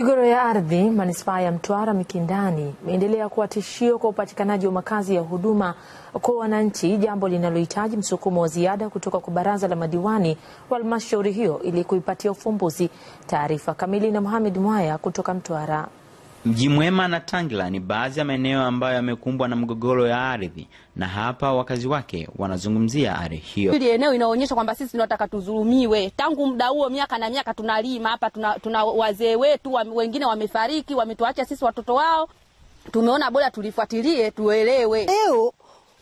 Migogoro ya ardhi manispaa ya Mtwara Mikindani imeendelea kuwa tishio kwa upatikanaji wa makazi ya huduma kwa wananchi, jambo linalohitaji msukumo wa ziada kutoka kwa baraza la madiwani wa halmashauri hiyo ili kuipatia ufumbuzi. Taarifa kamili na Mohamed Mwaya kutoka Mtwara. Mji Mwema na Tangila ni baadhi ya maeneo ambayo yamekumbwa na mgogoro ya ardhi, na hapa wakazi wake wanazungumzia ardhi hiyo. Hili eneo inaonyesha kwamba sisi tunataka tuzulumiwe tangu muda huo, miaka na miaka tunalima hapa, tuna, tuna wazee wetu wa, wengine wamefariki, wametuacha sisi watoto wao. Tumeona bora tulifuatilie tuelewe. Leo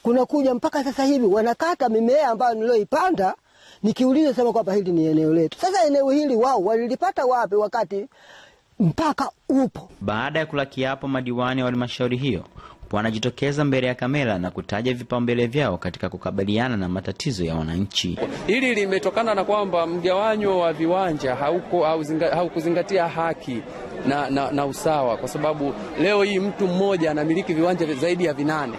kunakuja mpaka sasa hivi wanakata mimea ambayo niliyoipanda nikiuliza sema kwamba hili ni eneo letu. Sasa eneo hili wao walilipata wapi wakati mpaka upo. Baada ya kula kiapo, madiwani wa halmashauri hiyo wanajitokeza mbele ya kamera na kutaja vipaumbele vyao katika kukabiliana na matatizo ya wananchi. Hili limetokana na kwamba mgawanyo wa viwanja haukuzingatia hau haki na, na, na usawa, kwa sababu leo hii mtu mmoja anamiliki viwanja zaidi ya vinane.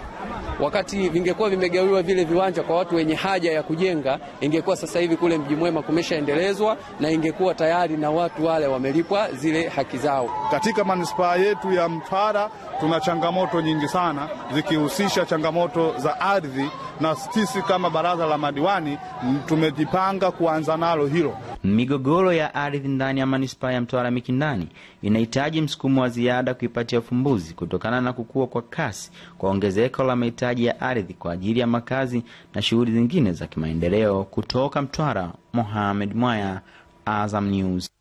Wakati vingekuwa vimegawiwa vile viwanja kwa watu wenye haja ya kujenga, ingekuwa sasa hivi kule Mji Mwema kumeshaendelezwa na ingekuwa tayari na watu wale wamelipwa zile haki zao. Katika manispaa yetu ya Mtwara tuna changamoto nyingi sana zikihusisha changamoto za ardhi, na sisi kama baraza la madiwani tumejipanga kuanza nalo hilo. Migogoro ya ardhi ndani ya manispaa ya Mtwara Mikindani inahitaji msukumo wa ziada kuipatia ufumbuzi kutokana na kukua kwa kasi kwa ongezeko la mahitaji ya ardhi kwa ajili ya makazi na shughuli zingine za kimaendeleo. Kutoka Mtwara, Mohamed Mwaya, Azam News.